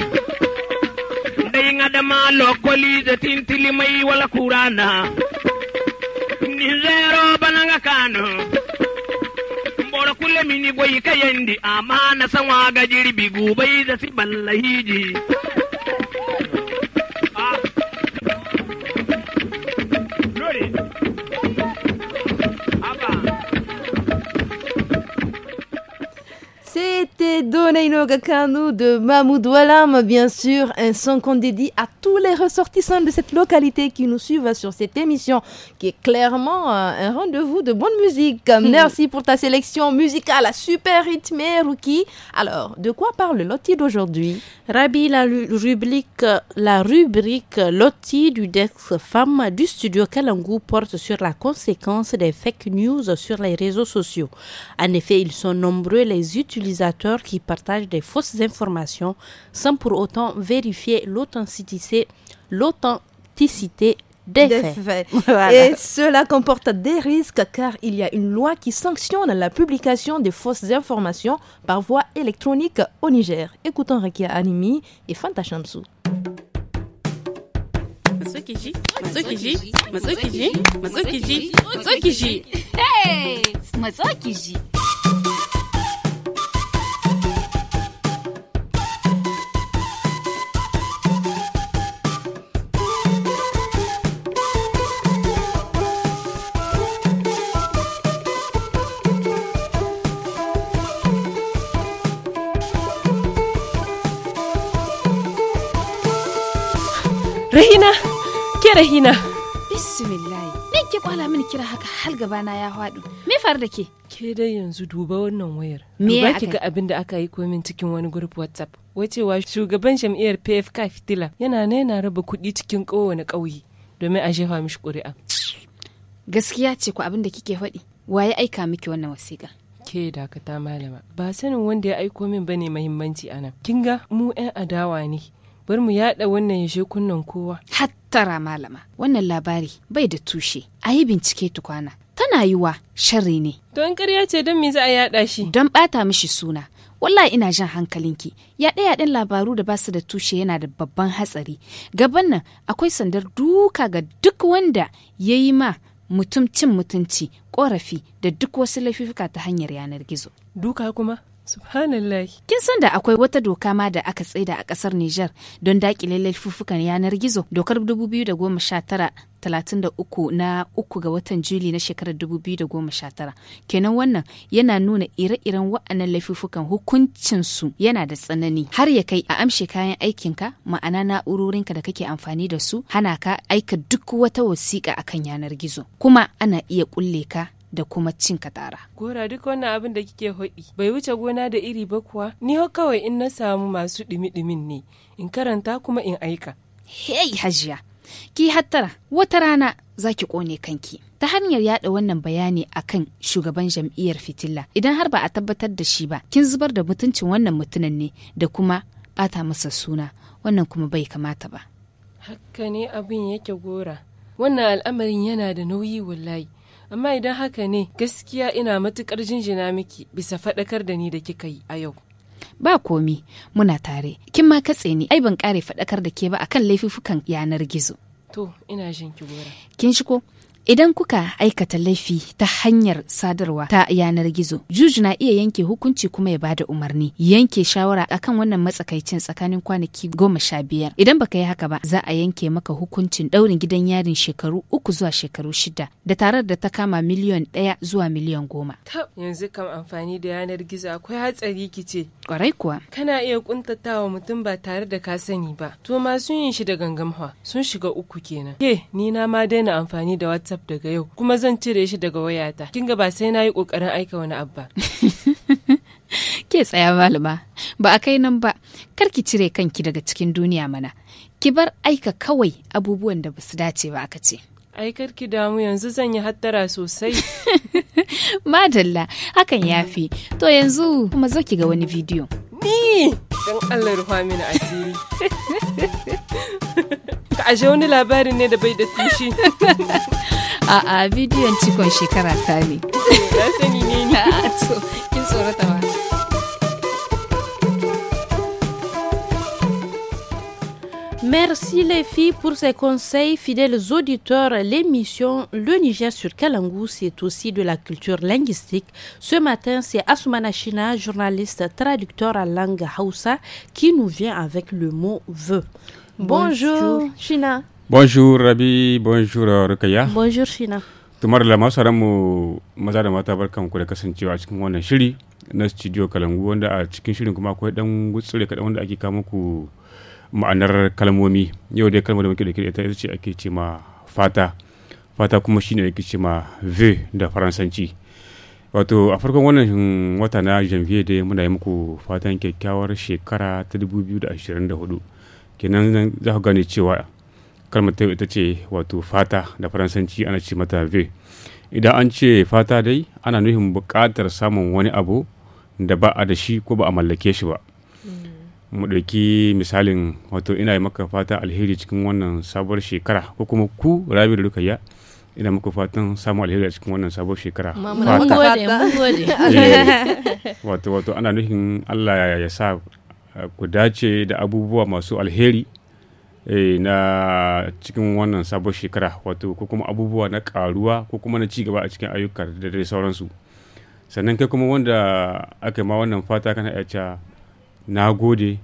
ngadamaa lokkoliise tintilimai wala kuraana ninzeero bananga kano mboro kule mini boyi kayendi amana sangwaga jiri bigubayiza si balla Waneino Gakano de Mahmoud Walam, bien sûr, un son qu'on dédie à tous les ressortissants de cette localité qui nous suivent sur cette émission, qui est clairement euh, un rendez-vous de bonne musique. Merci pour ta sélection musicale super rythmée, Rouki. Alors, de quoi parle Loti d'aujourd'hui Rabi, la rubrique, la rubrique Loti du Dex femme du studio Kalangu porte sur la conséquence des fake news sur les réseaux sociaux. En effet, ils sont nombreux les utilisateurs qui parlent partage des fausses informations sans pour autant vérifier l'authenticité, l'authenticité des, faits. Et cela comporte des risques car il y a une loi qui sanctionne la publication des fausses informations par voie électronique au Niger. Écoutons Rekia Animi et Fanta Shamsou. Hey Rahina, ke hina Bismillah. Me ke kwala mini kira haka hal gabana ya hadu Me faru da ke? Ke dai yanzu duba wannan wayar. Me Duba ki ga abin da aka yi komin cikin wani group WhatsApp. Wacewa shugaban jam'iyyar PFK Fitila yana na yana raba kuɗi cikin kowane ƙauye domin a jefa mishi ƙuri'a. Gaskiya ce ku abin da kike faɗi. Waye aika miki wannan wasiƙa? ke dakata malama ba sanin wanda ya aiko min ba ne mahimmanci anan kin ga mu yan adawa ne bar mu yada wannan ya kunnan kowa. Hattara malama, wannan labari bai da tushe, a yi bincike tukwana. Tana yiwa sharri ne. Don ƙarya ce don me za a yaɗa shi? Don ɓata mishi suna. Wallahi ina jan hankalinki, yaɗe yaɗen labaru da basu da tushe yana da babban hatsari. Gaban nan akwai sandar duka ga duk wanda ya yi ma mutum cin mutunci, ƙorafi da duk wasu laifuka ta hanyar yanar gizo. Duka kuma? Subhanallah. Kin san da akwai wata doka ma da aka tsaida a kasar Nijar don dakile laifuffukan yanar gizo dokar 2019-33 na uku ga watan Juli na shekarar 2019. Kenan wannan yana nuna ire-iren wa'annan laifufukan hukuncinsu yana da tsanani har ya kai a amshe kayan aikinka ma'ana na'urorinka da kake amfani da su hana ka aika duk wata wasiƙa akan yanar gizo kuma ana iya ƙulle ka da kuma cin katara. Gora duk wannan abin da kike hoɗi bai wuce gona da iri ba kuwa ni kawai in na samu masu ɗimi ɗumin ne in karanta kuma in aika. Hei hajiya, ki hattara wata rana za ki ƙone kanki. Ta hanyar yada wannan bayani akan shugaban jam'iyyar fitila idan har ba a tabbatar da shi ba kin zubar da mutuncin wannan mutumin ne da kuma bata masa suna wannan kuma bai kamata ba. Hakka ne abin yake gora. Wannan al'amarin yana da nauyi wallahi. amma idan haka ne gaskiya ina matukar jinjina miki bisa faɗakar da ni da kika yi a yau ba komi muna tare kin ma katse ni ai ban ƙare faɗakar da ke ba akan laifuffukan yanar gizo to ina jin ki gora kin shigo Idan kuka aikata laifi ta hanyar sadarwa ta yanar gizo, juju na iya yanke hukunci kuma ya bada umarni, yanke shawara akan wannan matsakaicin tsakanin kwanaki goma sha biyar. Idan baka yi haka ba, za a yanke maka hukuncin ɗaurin gidan yarin shekaru uku zuwa shekaru shida, da tarar da ta kama miliyon ɗaya zuwa miliyon goma. yanzu kam amfani da yanar gizo akwai hatsari kice. Kwarai kuwa. Kana iya kuntatawa mutum ba tare da ka sani ba. To sun yi shi da gangamwa sun shiga uku kenan. Ke ni na ma daina amfani da WhatsApp WhatsApp daga yau kuma zan cire shi daga wayata. Kin ga ba sai na yi ƙoƙarin aika wani abba. ke tsaya malama ba a kai nan ba kar ki cire kanki daga cikin duniya mana ki bar aika kawai abubuwan da basu dace ba aka ce ai kar ki damu yanzu zan yi hattara sosai madalla hakan ya fi to yanzu kuma zo ki ga wani bidiyo ni Don Allah ruwa mini asiri Ah, ah, ah, Merci les filles pour ces conseils. Fidèles auditeurs, l'émission Le Niger sur Kalangou, c'est aussi de la culture linguistique. Ce matin, c'est Asumana China, journaliste traducteur à langue Hausa, qui nous vient avec le mot « vœu ». Bonjour, China. Bonjour, Rabi. Bonjour, Rukaya. Bonjour, China. Tumar da masu mu maza da mata barkan ku da kasancewa a cikin wannan shiri na studio Kalangu wanda a cikin shirin kuma akwai dan gutsure kaɗan wanda ake kawo muku ma'anar kalmomi. Yau dai kalmar da muke da ita ita ce ake ce ma fata. Fata kuma shine ake ce ma ve da Faransanci. wato a farkon wannan wata na janvier dai muna yi muku fatan kyakkyawar shekara ta 2024 kenan za ku gane cewa kalmar ta ita ce wato fata da faransanci ana ce mata ve idan an ce fata dai ana nufin buƙatar samun wani abu da ba a da shi ko ba a mallake shi ba mm. mu ɗauki misalin wato ina yi maka fata alheri cikin wannan sabuwar shekara ko kuma ku rabi da rukayya ina muku fatan samun alheri a cikin wannan sabuwar shekara fata eh, wato wato ana nufin allah ya sa Eh, ku dace da abubuwa masu alheri eh, na cikin wannan sabon shekara wato ko kuma abubuwa na karuwa ko kuma na cigaba a cikin ayyuka da dai sauransu sannan kai kuma wanda aka ma wannan fata kana iya cewa na gode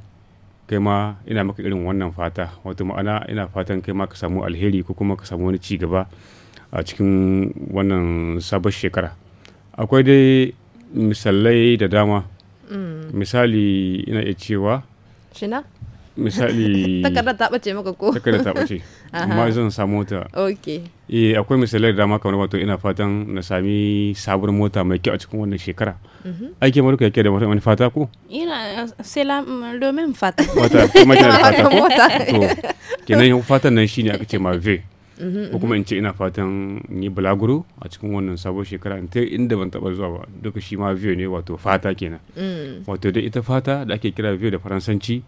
kai ma ina maka irin wannan fata wato ma'ana ina fatan kai ma ka samu alheri ko kuma ka samu wani cigaba a cikin wannan sabon shekara akwai dai misalai da dama misali ina iya cewa shina misali takarda ta bace maka ko takarda ta bace amma zan samu mota okay eh akwai misalai da dama kamar wato ina fatan na sami sabuwar mota mai kyau a cikin wannan shekara mhm. aiki maruka yake da wani fata ko ina sela domin fata fata kuma kina da fata ko to kenan fatan nan shine aka ce ma ve ko kuma in ce ina fatan yi bulaguro a cikin wannan sabon shekara in ta inda ban taba zuwa ba duka shi ma view ne wato fata kenan mm. wato da ita fata da ake kira view da faransanci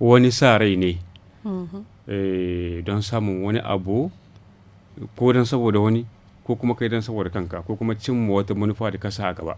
wani sa rai ne mm-hmm. eh, don samun wani abu ko don saboda wani ko kuma kai don saboda kanka ko kuma cimma wata manufa da ka a gaba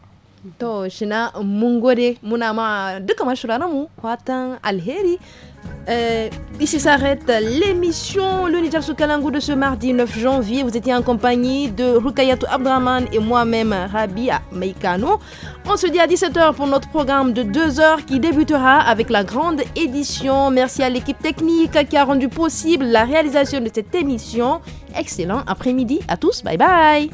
Euh, ici s'arrête l'émission Le Niger sous de ce mardi 9 janvier. Vous étiez en compagnie de Rukayatu Abdraman et moi-même Rabia Meikano. On se dit à 17h pour notre programme de 2h qui débutera avec la grande édition. Merci à l'équipe technique qui a rendu possible la réalisation de cette émission. Excellent après-midi à tous. Bye bye.